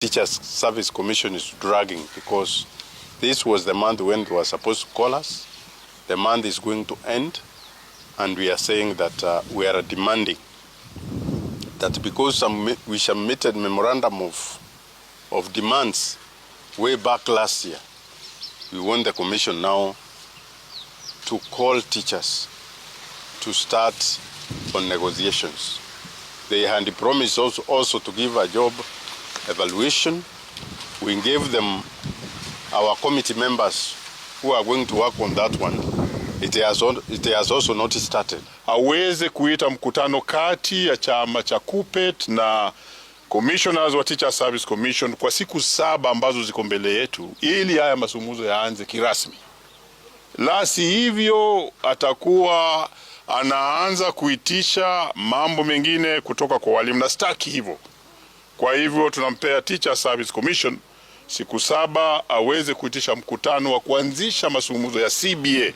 Teachers Service Commission is dragging because this was the month when they were supposed to call us. The month is going to end and we are saying that uh, we are demanding that because some, we submitted memorandum of, of demands way back last year, we want the commission now to call teachers to start on negotiations. They had promised also, also to give a job evaluation. We gave them our committee members who are going to work on that one. It has, it has also not started. Aweze kuita mkutano kati ya chama cha KUPET na commissioners wa Teacher Service Commission kwa siku saba ambazo ziko mbele yetu ili haya mazungumzo yaanze kirasmi. La si hivyo atakuwa anaanza kuitisha mambo mengine kutoka kwa walimu na staki hivyo. Kwa hivyo tunampea Teacher Service Commission siku saba aweze kuitisha mkutano wa kuanzisha mazungumzo ya CBA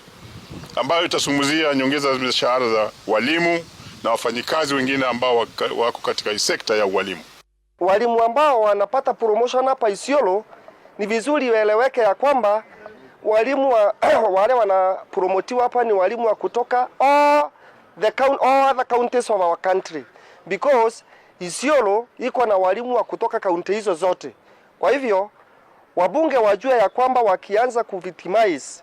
ambayo itazungumzia nyongeza za mishahara za walimu na wafanyikazi wengine ambao wako katika sekta ya ualimu. Walimu ambao wanapata promotion hapa Isiolo, ni vizuri waeleweke ya kwamba walimu wa, wale wanapromotiwa hapa ni walimu wa kutoka all the count, all other counties of our country because Isiolo iko na walimu wa kutoka kaunti hizo zote. Kwa hivyo wabunge wajua ya kwamba wakianza kuvictimize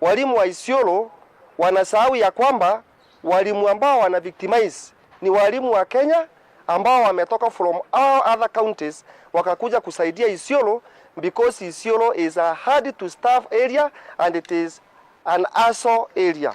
walimu wa Isiolo wanasahau ya kwamba walimu ambao wanavictimize ni walimu wa Kenya ambao wametoka from all other counties wakakuja kusaidia Isiolo because Isiolo is a hard to staff area and it is an ASO area.